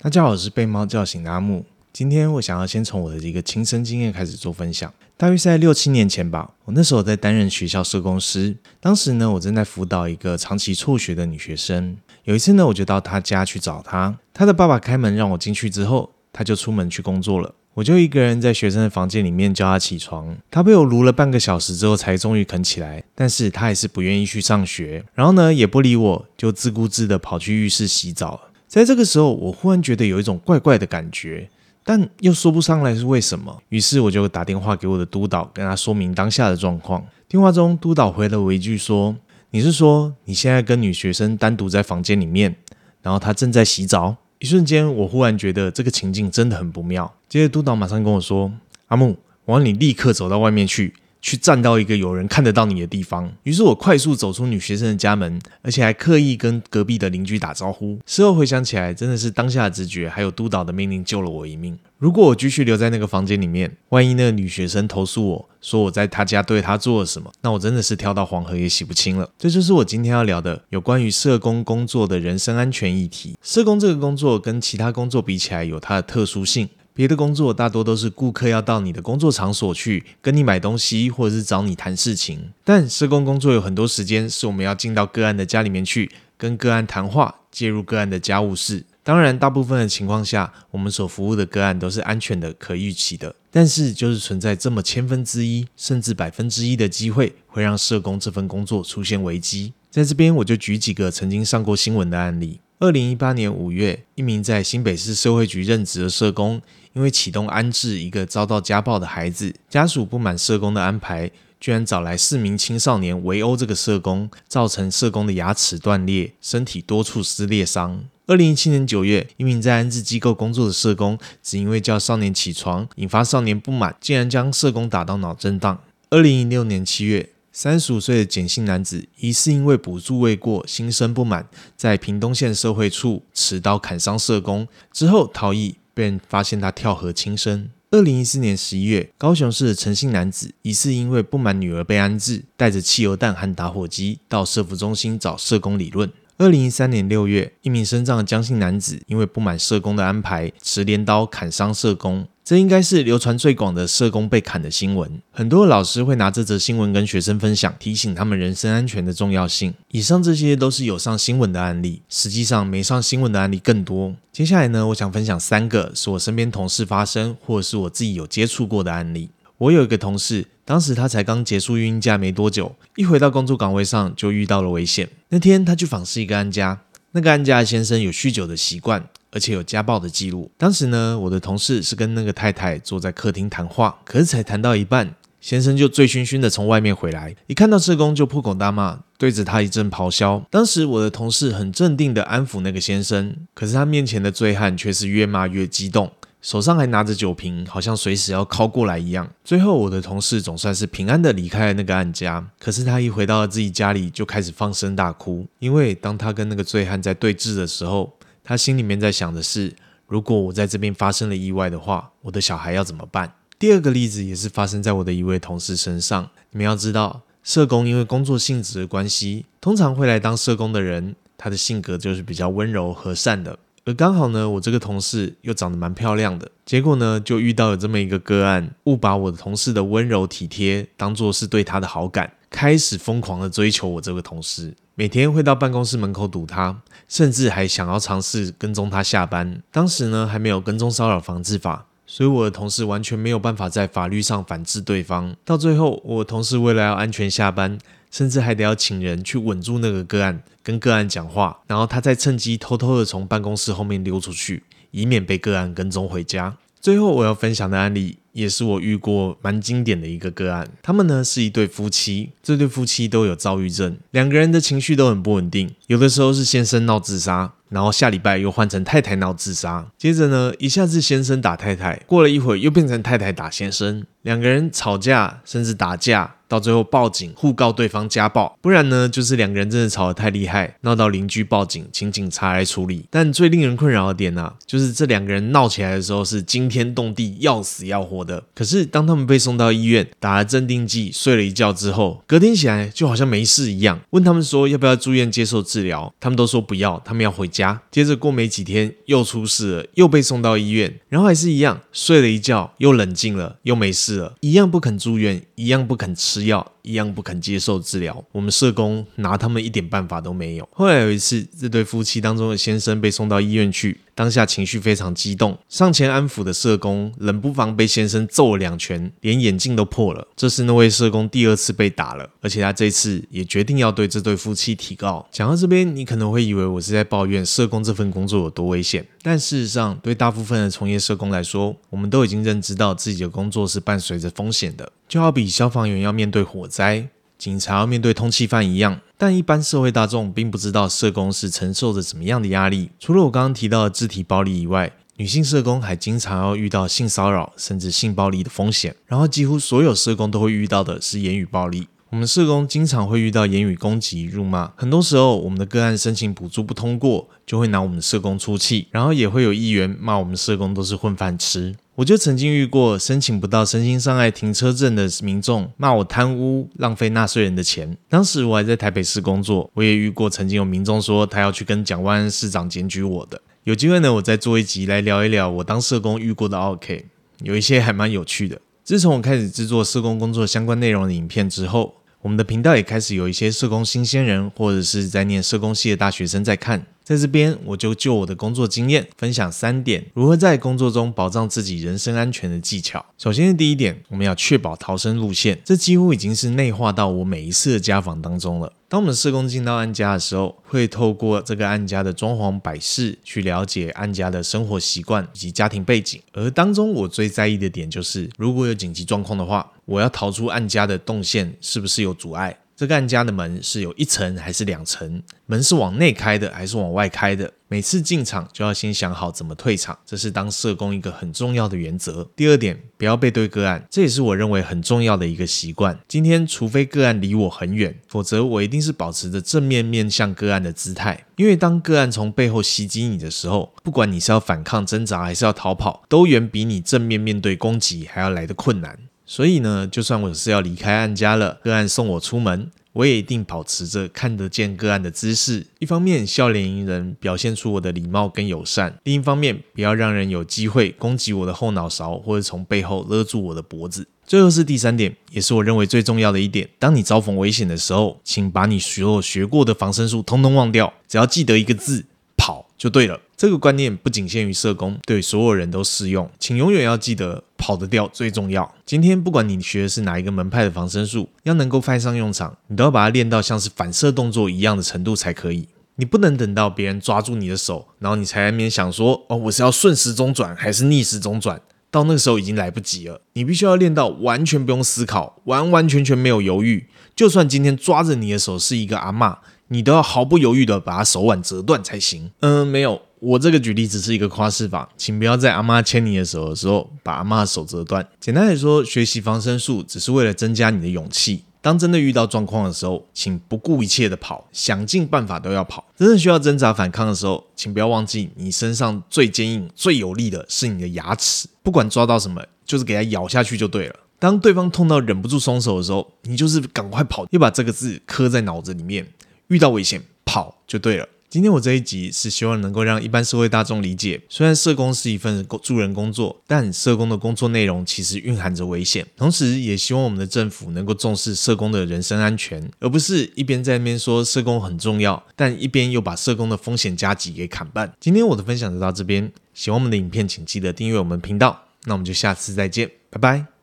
大家好，我是被貓叫醒的阿木。今天我想要先從我的一個親身經驗開始做分享。大約是在六七年前吧，我那時候在擔任學校社工師。當時呢，我正在輔導一個長期輟學的女學生。有一次呢，我就到她家去找她。她的爸爸開門讓我進去之後，她就出門去工作了。我就一個人在學生的房間裡面叫她起床。她被我盧了半個小時之後，才終於肯起來。但是她還是不願意去上學，然後呢也不理我，就自顧自的跑去浴室洗澡了。在這個時候，我忽然覺得有一種怪怪的感覺，但又說不上來是為什麼。於是我就打電話給我的督導，跟他說明當下的狀況。電話中，督導回了我一句說：“你是說你現在跟女學生單獨在房間裡面，然後她正在洗澡？”一瞬間，我忽然覺得這個情境真的很不妙。接着，督導馬上跟我說：“阿木，我讓你立刻走到外面去。”去站到一個有人看得到你的地方。於是我快速走出女學生的家門，而且還刻意跟隔壁的鄰居打招呼。事後回想起來，真的是當下的直覺，還有督導的命令救了我一命。如果我繼續留在那個房間裡面，萬一那個女學生投訴我，說我在她家對她做了什麼，那我真的是跳到黃河也洗不清了。這就是我今天要聊的，有關於社工工作的人身安全議題。社工這個工作跟其他工作比起來，有它的特殊性。別的工作大多都是顧客要到你的工作場所去跟你買東西，或者是找你談事情。但社工工作有很多時間是我們要進到個案的家裡面去，跟個案談話，介入個案的家務事。當然，大部分的情況下，我們所服務的個案都是安全的、可預期的。但是，就是存在這麼千分之一甚至百分之一的機會，會讓社工這份工作出現危機。在這邊，我就舉幾個曾經上過新聞的案例。二零一八年五月，一名在新北市社會局任職的社工，因為啟動安置一個遭到家暴的孩子，家屬不滿社工的安排，居然找來四名青少年圍毆這個社工，造成社工的牙齒斷裂、身體多處撕裂傷。二零一七年九月，一名在安置機構工作的社工，只因為叫少年起床，引發少年不滿，竟然將社工打到腦震盪。二零一六年七月，三十五歲的簡姓男子疑似因為補助未過，心生不滿，在屏東縣社會處持刀砍傷社工，之後逃逸，被發現他跳河輕生。二零一四年十一月，高雄市的陳姓男子疑似因為不滿女兒被安置，帶着汽油彈和打火機到社福中心找社工理論。二零一三年六月，一名身障的江姓男子因為不滿社工的安排，持鐮刀砍傷社工。這應該是流傳最廣的社工被砍的新聞，很多的老師會拿這則新聞跟學生分享，提醒他們人身安全的重要性。以上這些都是有上新聞的案例，實際上沒上新聞的案例更多。接下來呢，我想分享三個是我身邊同事發生或者是我自己有接觸過的案例。我有一個同事，當時他才剛結束孕假沒多久，一回到工作崗位上就遇到了危險。那天他去訪視一個案家，那個案家的先生有酗酒的習慣。而且有家暴的記錄。當時呢，我的同事是跟那個太太坐在客廳談話，可是才談到一半，先生就醉醺醺的從外面回來，一看到社工就破口大罵，對着他一陣咆哮。當時我的同事很鎮定的安撫那個先生，可是他面前的醉漢卻是越罵越激動，手上還拿着酒瓶，好像隨時要靠過來一樣。最後，我的同事總算是平安的離開了那個案家，可是他一回到了自己家裡，就開始放聲大哭，因為當他跟那個醉漢在對峙的時候，他心裡面在想的是，如果我在這邊發生了意外的話，我的小孩要怎麼辦？第二個例子也是發生在我的一位同事身上。你們要知道，社工因為工作性質的關係，通常會來當社工的人，他的性格就是比較溫柔和善的。而剛好呢，我這個同事又長得蠻漂亮的，結果呢，就遇到有這麼一個個案，誤把我的同事的溫柔體貼當作是對他的好感。開始瘋狂的追求我這個同事，每天會到辦公室門口堵他，甚至還想要嘗試跟蹤他下班。當時呢，還沒有跟蹤騷擾防治法，所以我的同事完全沒有辦法在法律上反制對方。到最後，我的同事為了要安全下班，甚至還得要請人去穩住那個個案，跟個案講話，然後他再趁機偷偷的從辦公室後面溜出去，以免被個案跟蹤回家。最後我要分享的案例。也是我遇過蠻經典的一個個案。他們呢，是一對夫妻，這對夫妻都有躁鬱症，兩個人的情緒都很不穩定，有的時候是先生鬧自殺。然後下禮拜又換成太太鬧自殺，接着呢，一下子先生打太太，過了一會兒又變成太太打先生，兩個人吵架甚至打架，到最後報警，互告對方家暴，不然呢，就是兩個人真的吵得太厲害，鬧到鄰居報警，請警察來處理。但最令人困擾的點呢、啊，就是這兩個人鬧起來的時候是驚天動地，要死要活的，可是當他們被送到醫院，打了鎮定劑，睡了一覺之後，隔天起來就好像沒事一樣，問他們說要不要住院接受治療，他們都說不要，他們要回家。接着過沒幾天，又出事了，又被送到醫院，然後還是一樣，睡了一覺，又冷靜了，又沒事了，一樣不肯住院。一樣不肯吃藥，一樣不肯接受治療，我們社工拿他們一點辦法都沒有。後來有一次，這對夫妻當中的先生被送到醫院去，當下情緒非常激動，上前安撫的社工冷不防被先生揍了兩拳，連眼鏡都破了。這是那位社工第二次被打了，而且他這次也決定要對這對夫妻提告。講到這邊，你可能會以為我是在抱怨社工這份工作有多危險。但事實上，對大部分的從業社工來說，我們都已經認知到自己的工作是伴隨着風險的，就好比消防員要面對火災，警察要面對通緝犯一樣。但一般社會大眾並不知道社工是承受着怎麼樣的壓力。除了我剛剛提到的肢體暴力以外，女性社工還經常要遇到性騷擾甚至性暴力的風險。然後，幾乎所有社工都會遇到的是言語暴力。我們社工經常會遇到言語攻擊、辱罵，很多時候我們的個案申請補助不通過，就會拿我們社工出氣，然後也會有議員罵我們社工都是混飯吃。我就曾經遇過申請不到身心障礙停車證的民眾罵我貪污、浪費納稅人的錢。當時我還在台北市工作，我也遇過曾經有民眾說他要去跟蔣萬安市長檢舉我的。有機會呢，我再做一集來聊一聊我當社工遇過的奧客，有一些還蠻有趣的。自從我開始製作社工工作相關內容的影片之後，我們的頻道也開始有一些社工新鮮人，或者是在念社工系的大學生在看。在這邊，我就就我的工作經驗，分享三點如何在工作中保障自己人身安全的技巧。首先第一點，我們要確保逃生路線，這幾乎已經是內化到我每一次的家訪當中了。當我們社工進到案家的時候，會透過這個案家的裝潢擺設去了解案家的生活習慣以及家庭背景，而當中我最在意的點就是，如果有緊急狀況的話，我要逃出案家的動線是不是有阻礙。這個案家的門是有一層還是兩層？門是往內開的還是往外開的？每次進場就要先想好怎麼退場，這是當社工一個很重要的原則。第二點，不要背對個案，這也是我認為很重要的一個習慣。今天，除非個案離我很遠，否則我一定是保持着正面面向個案的姿態。因為當個案從背後襲擊你的時候，不管你是要反抗掙扎還是要逃跑，都遠比你正面面對攻擊還要來得困難。所以呢，就算我是要離開案家了，個案送我出門，我也一定保持着看得見個案的姿勢。一方面笑臉迎人，表現出我的禮貌跟友善；另一方面，不要讓人有機會攻擊我的後腦勺，或者從背後勒住我的脖子。最後是第三點，也是我認為最重要的一點：當你遭逢危險的時候，請把你所有學過的防身術通通忘掉，只要記得一個字。就對了，這個觀念不僅限於社工，對所有人都適用。請永遠要記得，跑得掉最重要。今天不管你學的是哪一個門派的防身術，要能夠派上用場，你都要把它練到像是反射動作一樣的程度才可以。你不能等到別人抓住你的手，然後你才在那邊想說：“哦，我是要順時鐘轉還是逆時鐘轉？”到那個時候已經來不及了。你必須要練到完全不用思考，完完全全沒有猶豫。就算今天抓着你的手是一個阿嬤。你都要毫不猶豫的把他手腕折斷才行。嗯，沒有，我這個舉例只是一個誇飾法，請不要在阿媽牽你的手的時候的時候，把阿媽的手折斷。簡單來說，學習防身術只是為了增加你的勇氣。當真的遇到狀況的時候，請不顧一切的跑，想盡辦法都要跑。真正需要掙扎反抗的時候，請不要忘記，你身上最堅硬、最有力的是你的牙齒。不管抓到什麼，就是給他咬下去就對了。當對方痛到忍不住鬆手的時候，你就是趕快跑。又把這個字刻在腦子裡面。遇到危險跑就對了。今天我這一集是希望能夠讓一般社會大眾理解，雖然社工是一份助人工作，但社工的工作內容其實蘊含着危險。同時也希望我們的政府能夠重視社工的人身安全，而不是一邊在那邊說社工很重要，但一邊又把社工的風險加給給砍半。今天我的分享就到這邊，喜歡我們的影片請記得訂閱我們頻道，那我們就下次再見，拜拜。